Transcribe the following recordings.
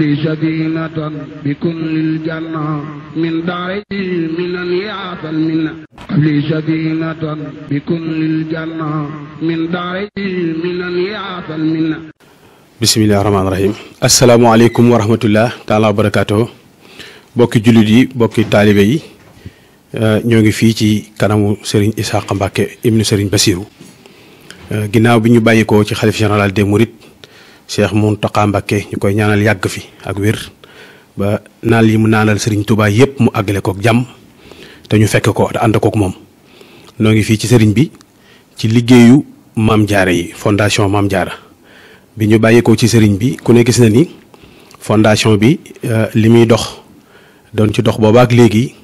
لي سكينة بكل الجنة من داري من bokki jullit yi bokki taalibe yi eh, ñoo ngi fii ci kanamu Serigne Issakha Mbacké ibnu Serigne Bassirou eh, ginnaaw bi ñu bàyyikoo ci xalif général des Mourides Cheikh Mountakha Mbacké ñu koy ñaanal yàgg fi ak wér ba naal yi mu naanal Serigne tubaay yépp mu àggale kook jàmm te ñu fekk ko te ànd kook moom noo ngi fii ci sëriñ bi ci liggéeyu Maam Jaara yi fondation Maam Jaara bi ñu bàyyeekoo ci sëriñ bi ku ne gis na ni fondation bi euh, li muy dox doon ci dox booba ak léegi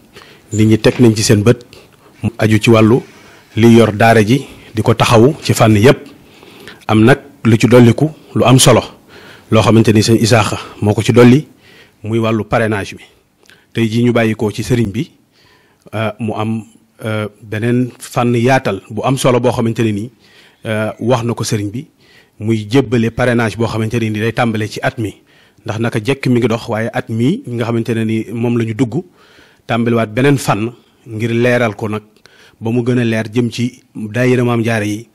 nit ñi teg nañ ci seen bët mu aju ci wàllu li yor daara ji di ko taxawu ci fànn yépp am nag lu ci dolliku lu am solo loo xamante ni sëñ Isaaxa moo ko ci dolli muy wàllu parenage bi tey jii ñu bàyyi ko ci sëriñ bi euh, mu am euh, beneen fànn yaatal bu am solo boo xamante ne nii euh, wax na ko sëriñ bi muy jébbale parenage boo xamante ni nii day tàmbalee ci at mi ndax naka jekk mi ngi dox waaye at mii nga xamante ne ni moom la ñu dugg tàmbaliwaat beneen fànn ngir leeral ko nag ba mu gën a leer jëm ci daayira Maam Jaara yi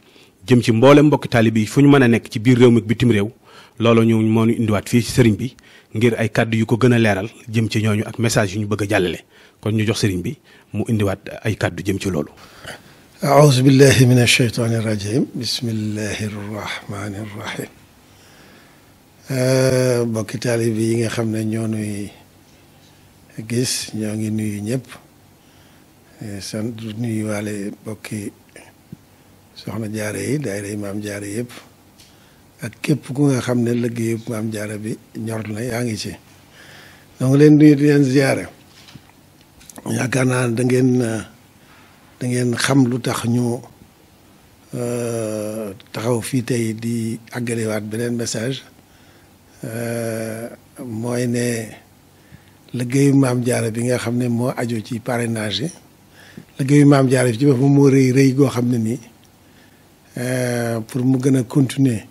jëm ci mboole mbokki taalibe yi fu ñu mën a nekk ci biir réew mi ak bitim réew loolu ñu moo ñu indiwaat fii ci sëriñ bi ngir ay kàddu yu ko gën a leeral jëm ci ñooñu ak message yu ñu bëgg a jàllale kon ñu jox sëriñ bi mu indiwaat ay kàddu jëm ci loolu aouzu billahi min alsheytaani irrajim bismillahi arrahmani irrahim euh, mbokki taalibe yi nga xam ne ñoo nuy gis ñoo ngi nuyu ñëpp euh, sant nuyu waale mbokki soxna jaare yi daayira yi maam jaare yépp ak képp ku nga xam ne liggéey maam jaare bi ñor la yaa ngi ci donc leen nuyu di leen ziare yaakaar naa dangeen ngeen xam lu tax ñu euh, taxaw fii tey di àggaliwaat beneen message euh, mooy ne liggéeyu maam jaare bi nga xam ne moo aju ci parrainage yi maam jaare bi ci boppam moo rëy rëy goo xam ne nii Euh, pour mu gën a continuer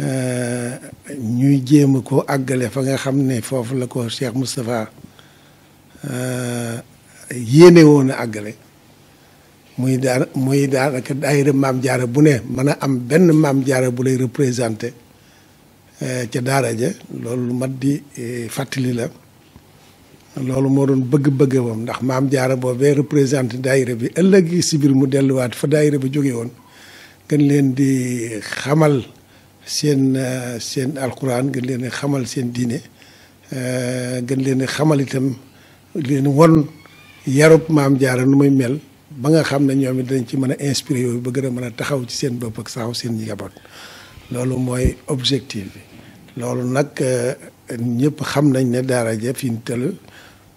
euh, ñuy jéem a ko àggale fa nga xam ne foofu la ko Cheikh Moustapha euh, yéene woon a àggale muy daal muy daanaka daayira maam jaara bu ne mën a am benn maam jaare bu lay représenté ca daara ja loolu mat di fàttali la loolu moo doon bëgg-bëgg woom ndax maam jaara boobee représenté daayira bi ëllëg si biir mu delluwaat fa daayira bi jóge woon gën leen di xamal seen euh, seen alquran gën leen di xamal seen diine euh, gën leen di xamal itam leen won yarub maam jaara nu muy mel ba nga xam ne ñoom it dañ ci mën a inspiré yooyu ba gën a mën a taxaw ci seen bopp ak saxaw seen njaboot loolu mooy objectif bi loolu nag euh, ñëpp xam nañ ne daara ja fi ñu tëll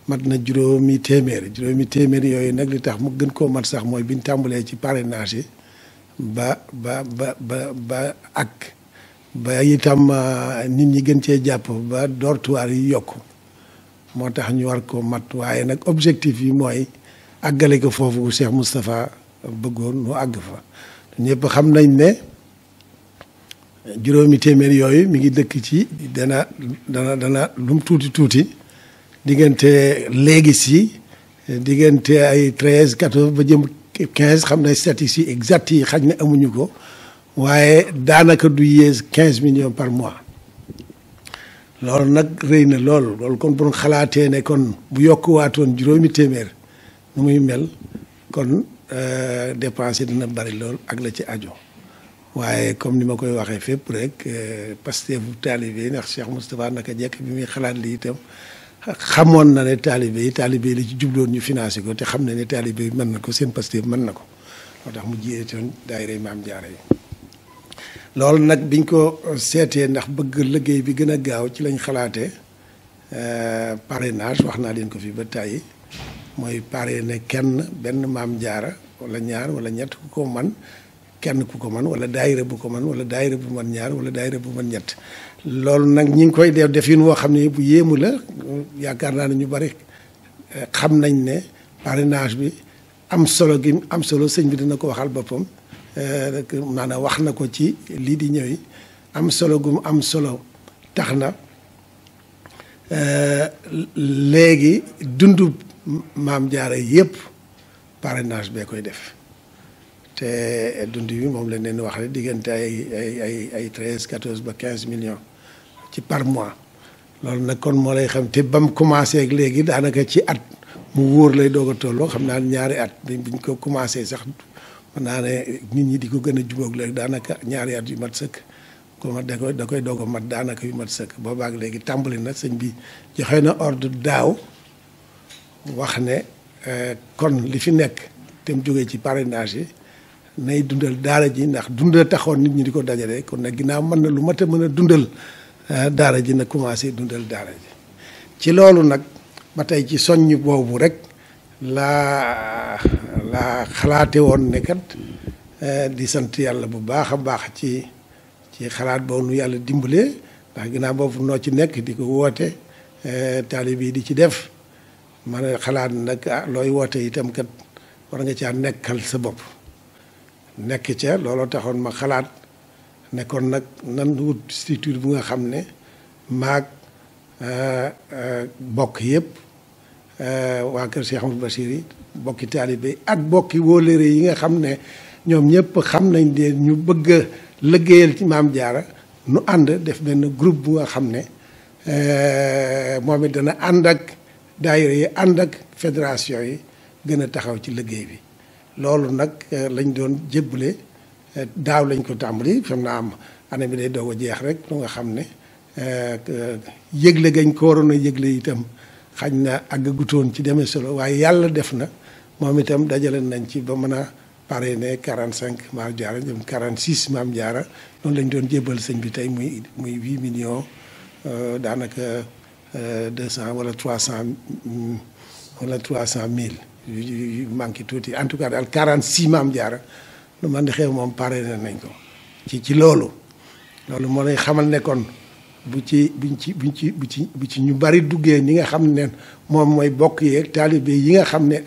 mat na juróomi téeméer juróomi téeméer yooyu nag li tax mu gën koo mat sax mooy biñ tàmbalee ci parrainage yi ba ba ba ba ba ak ba itam ah, nit ñi gën cee jàpp ba dortoir yi yokku moo tax ñu war ko mat waaye nag objectif yi mooy àggale ko foofu Cheikh Moustapha bëggoon mu àgg fa ñëpp xam nañ ne juróomi téeméer yooyu mi ngi dëkk ci dana dana dana lum tuuti tuuti diggante léegi si diggante ay treize quatorze ba jëm 15 xam na statistiques exactes yi xaj ne amuñu ko waaye daanaka du yées 15 millions par mois loolu nag rëy na lool loolu kon bu xalaatee ne kon bu yokkuwaatoon juróomi téeméer mu muy mel kon euh, dépense yi dina bari lool ak la ci ajo waaye comme ni ma koy waxee fépp rek euh, Pastef bu taalibe ndax Cheikh Moustapha naka jekk bi muy xalaat lii itam. xamoon na ne taalibe yi taalibe yi la ci jubloon ñu financé ko te xam na ne taalibe yi mën na ko seen Pastef mën na ko moo tax mu jiite woon daayira Maam Jaara yi loolu nag biñ ko seetee ndax bëgg liggéey bi gën a gaaw ci lañ xalaatee euh, parrainage wax naa leen ko fi ba tàyyi mooy parrainé kenn benn Maam Jaara wala ñaar wala ñett ku ko man kenn ku ko man wala daayira bu ko man wala daayira bu man ñaar wala daayira bu man ñett loolu nag ñi ngi koy def def yin woo xam ne bu yéemu la yaakaar naa ne ñu bari eh, xam nañ ne parrainage bi am solo gi am solo sëñ bi dina ko waxal boppam eh, maanaam wax na ko ci lii di ñëw yi am solo gum am solo tax na eh, léegi dundu maam jaara yépp parrainage bee koy def te dund yi moom lañ leen wax rek diggante ay ay ay ay treize ba quinze millions ci par mois loolu nag kon moo lay xam te ba mu commencé ak léegi daanaka ci at mu wóor lay doog a tolloo xam naa ñaari at biñ ko commencé sax mën naa ne nit ñi di ko gën a jubóog léegi daanaka ñaari at yu mat sëkk ko ma koy da koy doog a mat daanaka yu mat sëkk boobaag léegi tàmbali nag sëñ bi joxe na ordre daaw wax ne euh, kon li fi nekk te mu jógee ci parrainage yi nay dundal daara ji ndax dundal taxoon nit ñi di ko dajale kon nag ginnaaw mën na lu mat a mën a dundal eh, daara ji na commencé dundal daara ji ci loolu nag ba tey ci soññ boobu rek laa laa xalaate woon ne eh, di sant yàlla bu baax a baax ci ci xalaat boobu nu yàlla dimbale ndax ginnaaw boobu noo ci nekk di ko woote eh, taalib yi di ci def man xalaat nag ah, looy woote itam kat war nga caa nekkal sa bopp nekk ca looloo taxoon ma xalaat ne kon nag nan wut structure bu nga xam ne maag euh, euh, bokk yëpp euh, waa kër Cheikh Amadou Bachir yi bokki taalibe ak bokki wóolëre yi nga xam ne ñoom ñëpp xam nañ de ñu bëgg a liggéeyal ci maam jaara nu ànd def benn groupe bu nga xam ne moom it dana ànd ak daayira yi ànd ak fédération yi gën a taxaw ci liggéey bi loolu nag eh, lañ doon jébbale eh, daaw lañ ko tàmbali fam na am année bi day doog a jeex rek lu nga xam ne eh, yëgle gañ ko waroon a yëgle itam xañ na àggagutoon ci demee solo waaye yàlla def na moom itam dajale nañ ci ba mën a pare ne 45 maam jaara jëm 46 maam jaara noonu lañ doon jébbal sëñ bi tey muy muy million millions euh, daanaka 200 euh, wala 300 mm, wala 300 mille. yu manqué tuuti en tout cas daal 46 maam jaara lu man di xew moom pare nañ ko ci ci loolu loolu moo lay xamal ne kon bu ci buñ ci buñ ci bu ci bu ci ñu bari duggee ñi nga xam ne moom mooy bokk yeeg taalibe yi nga xam ne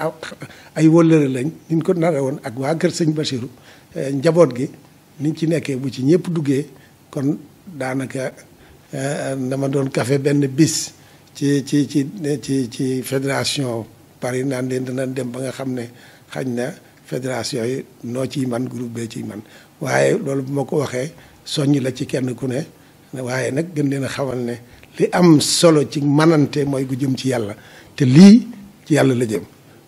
ay wëllëre lañ niñ ko nara woon ak waa kër sëñ basiru eh, njaboot gi niñ ci nekkee bu ci ñëpp duggee kon daanaka eh, dama doon kafe benn bis ci ci ci ci ci fédération Paris naan leen dana dem ba nga xam ne xañ na fédération yi noo ciy man groupe bee ciy man waaye loolu bu ma ko waxee soññ la ci kenn ku ne waaye nag gën leen a xamal ne li am solo ci manante mooy ku jëm ci yàlla te lii ci yàlla la jëm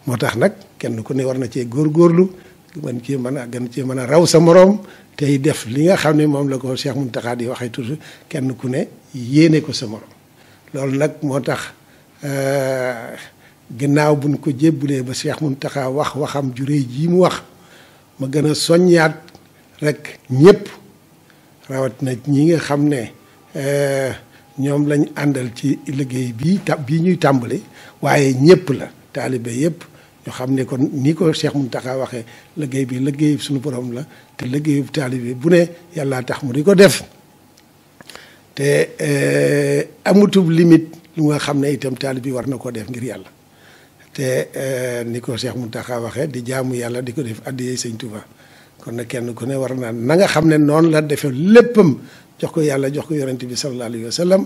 moo tax nag kenn ku ne war na cee góorgóorlu gën cee mën a gën cee mën a raw sa moroom tey def li nga xam ne moom la ko mun Mountakha yi waxee toujours kenn ku ne yéene ko sa moroom loolu nag moo tax euh, gannaaw buñ ko jébbulee ba Cheikh Mountakha wax waxam ju réy jii mu wax ma gën a soññaat rek ñépp rawat na ñi nga xam ne euh, ñoom lañ àndal ci liggéey bii ta bii ñuy tàmbali waaye ñépp la taalibe yépp ñu xam ne kon ni ko Cheikh taxa waxee liggéey bii liggéey suñu borom la te liggéeyu taalibe bu ne yàllaa tax mu di ko def te euh, amutub limite lu nga xam ne itam taalibe war na ko def ngir yàlla te eh, ni ko Cheikh Mountakha waxee di jaamu yàlla di ko def addiyee sëñ Touba kon nag kenn ku ne war naa na nga xam ne noonu la defee léppam jox ko yàlla jox ko yonent bi sallallahu alayhi wa sallam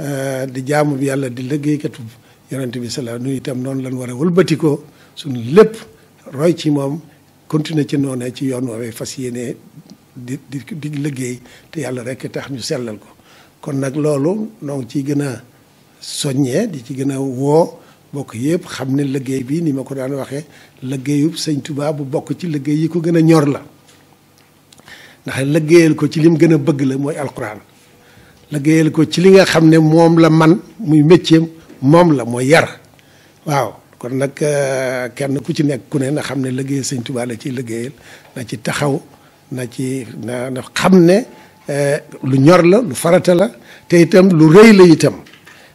eh, di jaamu yàlla di liggéeykatu yonent bi sallallahu nu itam noonu war wëlbatikoo suñu lépp roy ci moom continuer ci noonee ci yoon fas yéenee di di di liggéey te yàlla rek tax ñu sellal ko kon gën a soññee di ci gën a woo bokk yëpp xam ne liggéey bi ni ma ko daan waxee liggéeyub sëñ Tuubaa bu bokk ci liggéey yi ko gën a ñor la ndax liggéeyal ko ci lim gën a bëgg la mooy alxuraan liggéeyal ko ci li nga xam ne moom la man muy métier moom la mooy yar waaw kon nag euh, kenn ku ci nekk ku ne na xam ne liggéeyal sëñ Tuubaa la ci liggéeyal na ci taxaw na ci na xam ne euh, lu ñor la lu farata la te itam lu rëy la itam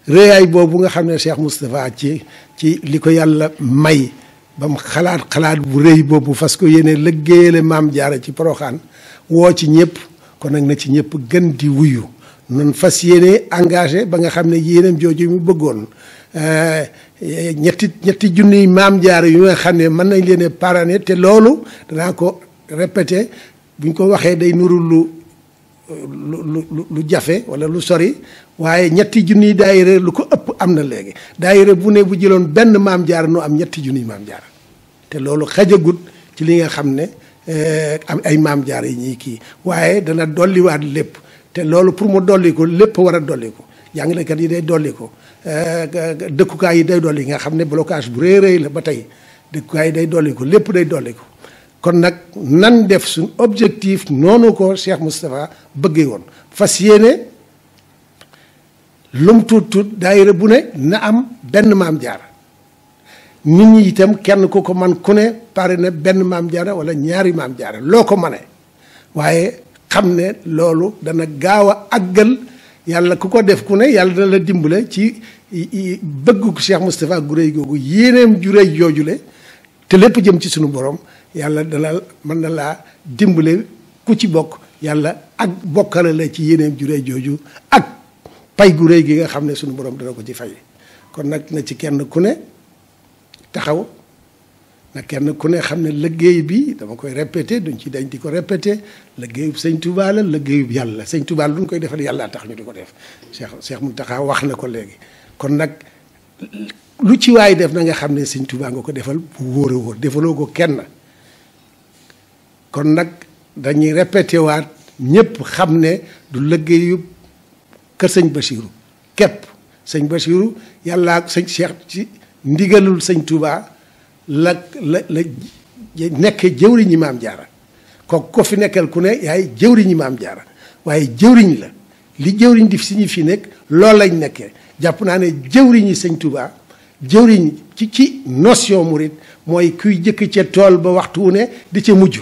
réyaay boobu nga xam ne Cheikh Moustapha ci ci li ko yàlla may bam xalaat xalaat bu rëy boobu fas ko yéene lëggéeyale maam jaara ci poroxaan woo ci ñëpp kon nag na ci ñëpp gën di wuyu noonu fas yéene engagé ba nga xam ne yéenam jooju mu bëggoon eh, ñetti ñetti yi maam jaara yu nga xam ne mën nañ leen a parrainer te loolu danaa ko répété buñ ko waxee day nuru lu lu lu lu jafe wala lu sori waaye ñetti junniy daayira lu ko ëpp am na léegi daayira bu ne bu jëloon benn maam jaar nu am ñetti junniy maam jaara te loolu xajagut ci li nga xam ne eh, am ay maam jaar yi ñuy kii waaye dana dolliwaat lépp te loolu pour mu dolli ko lépp war a dolli ko jàngalekat yi day dolli ko eh, dëkkukaay yi day dolli nga xam ne blocage bu rëy rëy la ba tey dëkkukaay yi day dolli ko lépp day dolli ko kon nag nan def suñ objectif noonu ko Cheikh Moustapha bëggee woon fas yéene lum tuut tuut daayira bu ne na am benn maam jaara nit ñi itam kenn ku ko man ku ne pare na benn maam jaara wala ñaari maam jaara loo ko mane waaye xam ne loolu dana gaaw a àggal yàlla ku ko def ku ne yàlla dana la dimbale ci bëgg ko Cheikh Moustapha gu googu yéeneem ju joojule te lépp jëm ci sunu boroom yàlla dana mën na laa dimbale ku ci bokk yàlla ak bokkale la ci yéneem ju jooju ak pay gu réy gi nga xam ne suñu borom dana ko ci fay kon nag na ci kenn ku ne taxaw na kenn ku ne xam ne léggéey bi dama koy répété duñ ci dañ di ko répété liggéeyub sëñ Touba la liggéeyub yàlla sëñ Touba la duñ koy defal yàlla tax ñu di ko def seex Cheikh taxaw wax na ko léegi kon nag lu ci waaye def na nga xam ne sëñ Touba nga ko defal bu wóore wóor defaloo ko kenn kon nag dañuy répété waat ñëpp xam ne du liggéeyu kër sëñ Bachirou képp sëñ Bachirou yàlla ak sëñ Cheikh ci ndigalul sëñ Touba la la la nekkee jëwriñi maam jaara kooku ko fi nekkal ku ne yaay jëwriñi maam jaara waaye jëwriñ la li jëwriñ di si ñu fi nekk loolu lañ nekkee jàpp naa ne jëwriñi sëñ Touba jëwriñ ci ci notion murit mooy kuy jëkk ca tool ba waxtu wu ne di ca mujj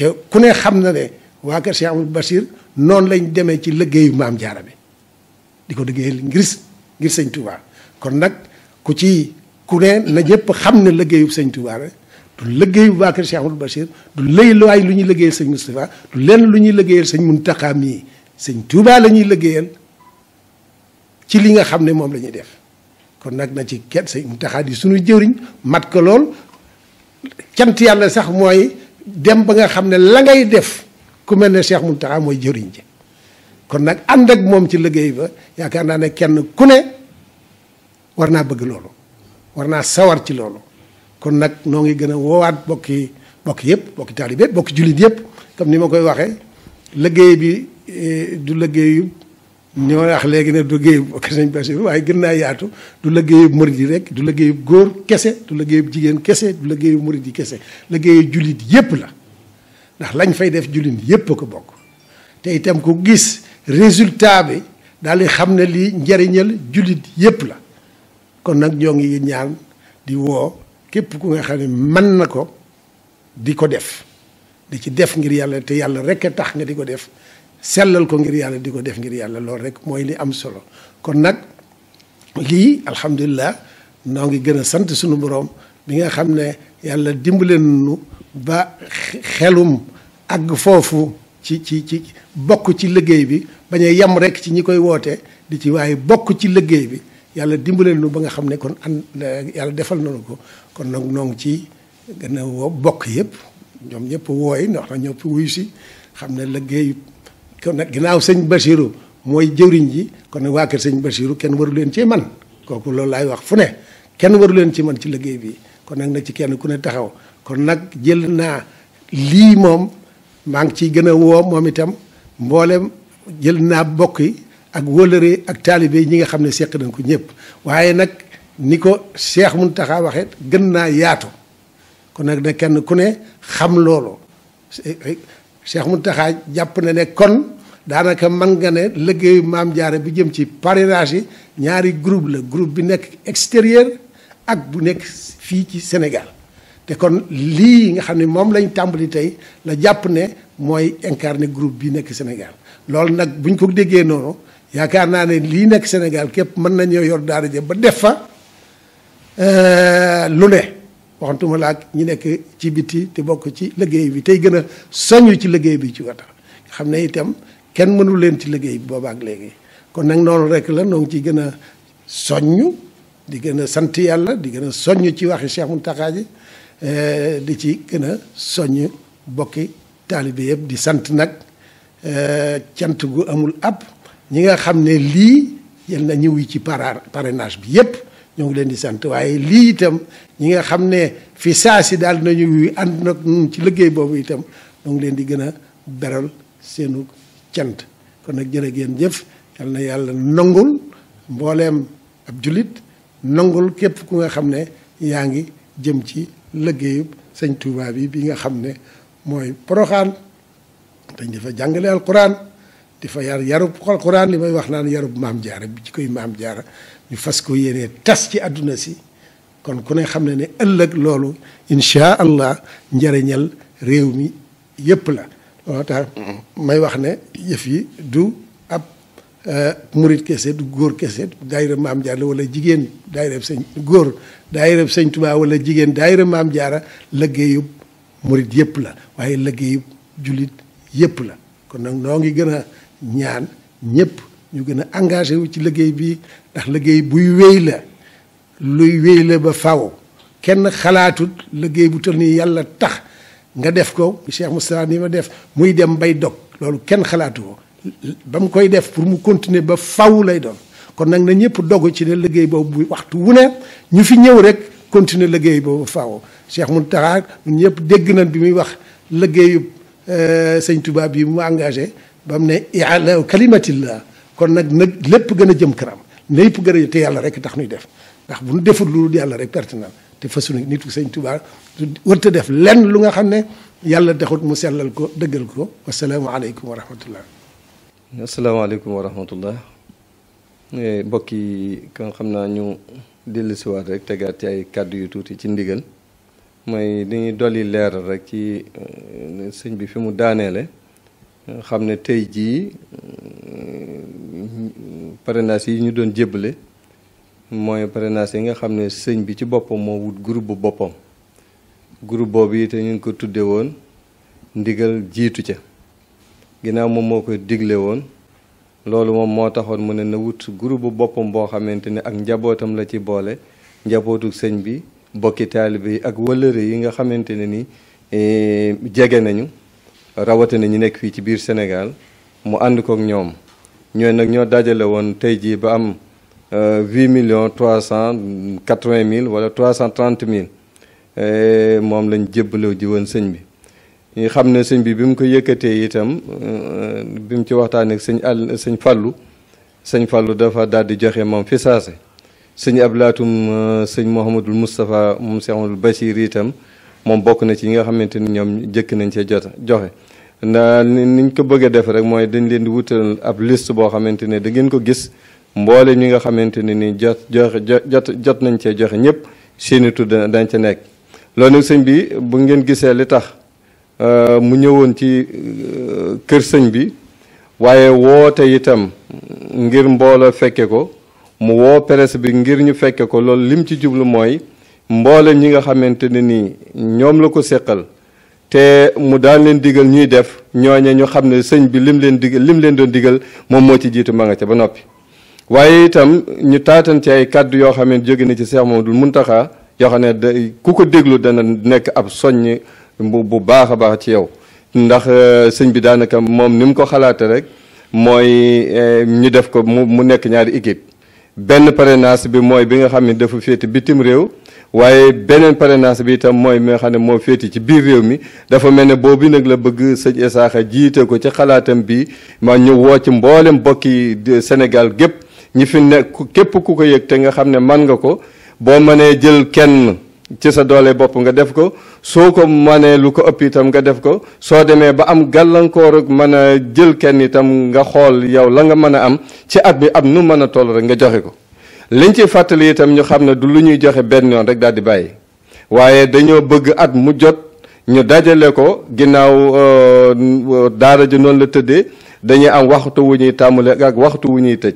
te ku ne xam na ne waa kër Cheikh Amadou Bachir noonu lañ demee ci liggéeyu maam jaara bi di ko liggéeyal ngir ngir sëñ Touba kon nag ku ci ku ne na ñëpp xam ne liggéeyu sëñ Touba la du liggéeyu waa kër Cheikh du lay luwaay lu ñuy liggéeyal sëñ Moustapha du lenn lu ñuy liggéeyal sëñ Mountakha mii sëñ Touba la ñuy liggéeyal ci li nga xam ne moom lañuy def kon nag na ci kenn sëñ Mountakha di suñu jëwriñ mat ko lool cant yàlla sax mooy. dem ba nga xam ne la ngay def ku mel ne Cheikh Mountakha mooy jëriñ ji kon nag ànd ak moom ci liggéey ba yaakaar naa ne kenn ku ne war naa bëgg loolu war naa sawar ci loolu kon nag noo ngi gën a woowaat bokki bokk yëpp bokki taalibe yëpp bokki jullit yëpp comme ni ma koy waxee liggéey bi eh, du liggéeyu ni ma wax léegi ne du liggéeyub kese nañ Basiru waaye gën naa yaatu du liggéeyub murid yi rek du liggéeyub góor kese du liggéeyub jigéen kese du liggéeyub murid yi kese liggéeyub jullit yépp la ndax lañ fay def jullit yépp ko bokk te itam ku gis résultat bi daal di xam ne lii njariñal jullit yépp la kon nag ñoo ngi ñaan di woo képp ku nga xam ne mën na ko di ko def di ci def ngir yàlla te yàlla rek a tax nga di ko def sellal ko ngir yàlla di ko def ngir yàlla loolu rek mooy li am solo kon nag lii alhamdulilah noo ngi gën a sant sunu boroom bi nga xam ne yàlla dimbaleen nu ba xelum àgg foofu ci ci ci bokk ci liggéey bi bañ a yem rek ci ñi koy woote di ci waaye bokk ci liggéey bi yàlla dimbaleen lu ba nga xam ne kon an yàlla defal nañu ko kon nag noo ngi ci gën a bokk yëpp ñoom ñëpp wooy ndax na ñëpp wuyu xam ne liggéey kon nag ginnaaw sëñ Bachirou mooy jëwriñ ji kon nag waa kër sëñ Bachirou kenn waru leen ci man kooku loolu laay wax fu ne kenn waru leen ci man ci liggéey bi kon nag nag ci kenn ku ne taxaw kon nag jël naa lii moom maa ngi ciy gën a woo moom itam mboolem jël naa bokk yi ak wóllëre ak taalibe ñi nga xam ne seq nañ ko ñëpp waaye nag ni ko Cheikh Mountakha waxee gën naa yaatu kon nag na kenn ku ne xam loolu mu taxaa jàpp na ne kon daanaka man nga ne liggéeyu maam jaare bu jëm ci parrainage ñaari groupe la groupe bi nekk extérieur ak bu nekk fii ci Sénégal te kon lii nga xam ne moom lañ tàmbali tey la jàpp ne mooy incarné groupe bi nekk Sénégal loolu nag buñ ko déggee noonu yaakaar naa ne lii nekk Sénégal képp mën nañoo yor daara ja ba def fa euh, lu ne waxantuma laag ñi nekk ci biti te bokk ci liggéey bi tey gën a soñu ci liggéey bi ci wata nga xam ne itam kenn mënul leen ci liggéey bi boobaak léegi kon nag noonu rek la noo ngi ciy gën a soññ di gën a sant yàlla di gën a soññ ci waxi Cheikh Mountakha ji eh, di ci gën a soññ bokki taalibe yëpp di sant nag eh, cant gu amul ab ñi nga xam ne lii yal na ñëw yi ci parrainage bi yëpp ñoo ngi leen di sant waaye lii itam ñi nga xam ne fi saa si daal nañu ànd nag ñun ci liggéey boobu itam ñoo ngi leen di gën a beral seenu cant kon nag jërë ngeen jëf na yàlla nangul mbooleem ab jullit nangul képp ku nga xam ne yaa ngi jëm ci liggéeyub sëñ Tuubaa bi bi nga xam ne mooy Poroxaan dañ dafa jàngale alquran di fa yar yarub alquran li may wax naan yarub maam jaara bi ci koy maam jaara ñu fas ko yéenee tas ci àdduna si kon ku ne xam ne ne ëllëg loolu incha allah njëriñal réew mi yépp la loolu tax may wax ne yëf yi du ab euh, murit kese du góor kese daayira maam jaara wala jigéen daayira sëñ góor daayira sëñ Tuubaa wala jigéen daayira maam jaara liggéeyub murit yépp la waaye liggéeyub jullit yépp la kon nag ngi gën ñaan ñëpp ñu gën a engagé wu ci liggéey bi ndax liggéey buy wéy la luy wéy la ba faw kenn xalaatut liggéey bu toll nii yàlla tax nga def ko mu Moustapha ni ma def muy dem bay dog loolu kenn xalaatu ko ba mu koy def pour mu continuer ba faw lay doon kon nag na ñëpp dogu ci ne liggéey boobu buy waxtu wu ne ñu fi ñëw rek continuer liggéey boobu faw Cheikh Mountakha ñun ñëpp dëgg nañ bi muy wax liggéeyu euh, sëñ Touba bi mu engagé ba ne ne iala kalimatillah kon nag nag lépp gën a jëm kanam lépp gën a te yàlla rek tax ñuy def ndax bu ñu deful loolu yàlla rek pertinent te fasunu nitu sëñ Tuubaa wërta def lenn lu nga xam ne yàlla taxut mu sellal ko dëggal ko wasalaamaaleykum wa rahmatullah asalaamaaleykum wa rahmatullah eh, mbokk yi kan xam naa ñu dellu siwaat rek tegaat ci ay kàddu yu tuuti ci ndigal mooy dañuy dolli leeral rek ci eh, sëñ bi fi mu daaneele xam ne tey jii euh, parrainage yi ñu doon jébbale mooy parrainage yi nga xam ne sëñ bi ci boppam moo wut groupe bu boppam groupe boobu te ñu ngi ko tuddee woon ndigal jiitu ca ginnaaw moom moo koy digle woon loolu moom moo taxoon mu ne na wut groupe bu boppam boo xamante ne ak njabootam la ci boole njabootu sëñ bi bokki taalibe yi ak wëllëre yi nga xamante ne ni eh, jege nañu rawatina ñi nekk fii ci biir Sénégal mu ànd kook ñoom ñooy nag ñoo dajale woon tey jii ba am euh, huit millions trois cent quatre-vingt mille wala trois cent trente mille moom lañ jébbaloo ji woon sëñ bi ñu xam ne sëñ bi bi mu ko yëkkatee itam euh, bi mu ci waxtaanee ak sëñ àll sëñ fallu sëñ Fallou dafa daal di joxe moom fi saase sëñ Ablaatum euh, sëñ Mouhamadul Moustapha moom Cheikh Amadou Bachir itam moom bokk na ci yi nga xamante ni ñoom jëkk nañ cee jot joxe na niñ ko bëgg a def rek mooy dañ leen di wutal ab liste boo xamante ne dangeen ko gis mboole ñi nga xamante ne ni jot joxe jot jot nañ cee joxe ñëpp seeni tudd dañ ca nekk loolu nag sëñ bi bu ngeen gisee li tax euh, mu ñëwoon ci euh, kër sëñ bi waaye woote itam ngir mbooloo fekke ko mu woo presse bi ngir ñu fekke ko loolu lim ci jublu mooy mboole ñi nga xamante ne nii ñoom la ko seqal te mu daan leen digal ñuy def ñooñe ñu xam ne sëñ bi lim leen digal lim leen doon digal moom moo ci jiitu ma nga ca ba noppi. waaye itam ñu taatan ci ay kàddu yoo xam ne jóge na ci Cheikh Mamadou Muntaxa yoo xam ne da ku ko déglu dana nekk ab soññ bu baax a baax ci yow ndax euh, sëñ bi daanaka moom ni mu ko xalaate rek mooy euh, ñu def ko mu nekk ñaari équipe benn parrainage bi mooy bi nga xam ne dafa féete bitim réew. waaye beneen parrainage bi itam mooy mi xam ne moo féete ci biir réew mi dafa mel ne boobu nag la bëgg sëñ Isaaxa jiite ko ci xalaatam bi ma ñu woo ci mboolem mbokki senegal gépp ñi fi nekk képp ku ko yëg te nga xam ne man nga ko boo mënee jël kenn ci sa doole bopp nga def ko soo ko mënee lu ko ëpp itam nga def ko soo demee ba am gàllankoor ak mën a jël kenn itam nga xool yow la nga mën a am ci at bi am nu mën a toll rek nga joxe ko liñ ci fàttali itam ñu xam ne du lu ñuy joxe benn yoon rek daal di bàyyi waaye dañoo bëgg at mu jot ñu dajale ko ginnaaw euh, daara ji noonu la tëddee dañuy am waxtu wu ñuy tàmbale ak waxtu wu ñuy tëj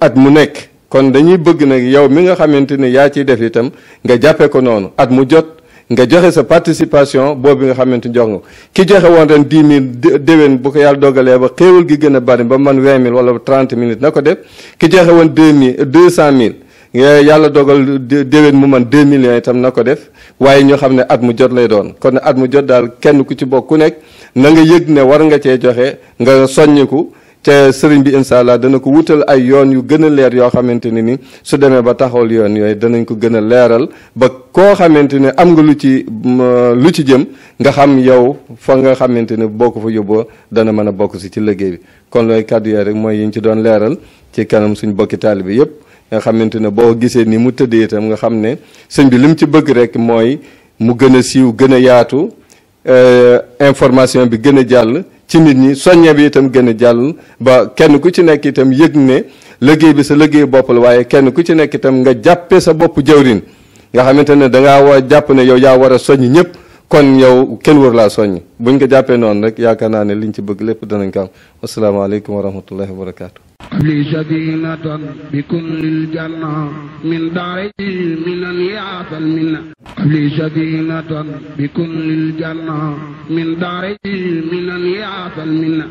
at mu nekk kon dañuy bëgg nag yow mi nga xamante ne yaa ciy def itam nga jàppe ko noonu at mu jot nga joxe sa participation boobu nga xamante jox nga ki joxe woon ren dix mille déwén bu ko yàlla dogalee ba xéewal gi gën a bari ba man vingt mille wala trente minutes na ko def ki joxe woon deux mille deux cent mille yàlla dogal déwén mu man deux millions itam na ko def waaye ñoo xam ne at mu jot lay doon kon at mu jot daal kenn ku ci bokk ku nekk na nga yëg ne war nga cee joxe nga soññiku te sëriñ bi incha allah dana ko wutal ay yoon yu gën a leer yoo xamante ne ni su demee ba taxawal yoon yooyu danañ ko gën a leeral ba koo xamante ne am nga lu ci lu ci jëm nga xam yow fa nga xamante ne boo ko fa yóbboo dana mën a bokk si ci liggéey bi kon looy kàddu rek mooy yi ñu ci doon leeral ci kanam suñ bokki taalibe yépp nga xamante ne boo gisee nii mu tëddee itam nga xam ne sëñ bi li mu ci bëgg rek mooy mu gën a siiw gën a yaatu euh, information bi gën a jàll ci nit ñi soññe bi itam gën a jàll ba kenn ku ci nekk itam yëg ne liggéey bi sa liggéey bopp waaye kenn ku ci nekk itam nga jàppee sa bopp jawrin nga xamante ne dangaa war jàpp ne yow yaa war a soññ ñëpp kon yow kenn wër laa soññ buñ ko jàppee noonu rek yaakaar naa ne liñ ci bëgg lépp danañ ko am asalaamaaleykum wa rahmatullahi wa barakaatu. li sadinatan bi kullil janna min daari minan yaasal minna li sadinatan bi kullil janna min daari minan yaasal minna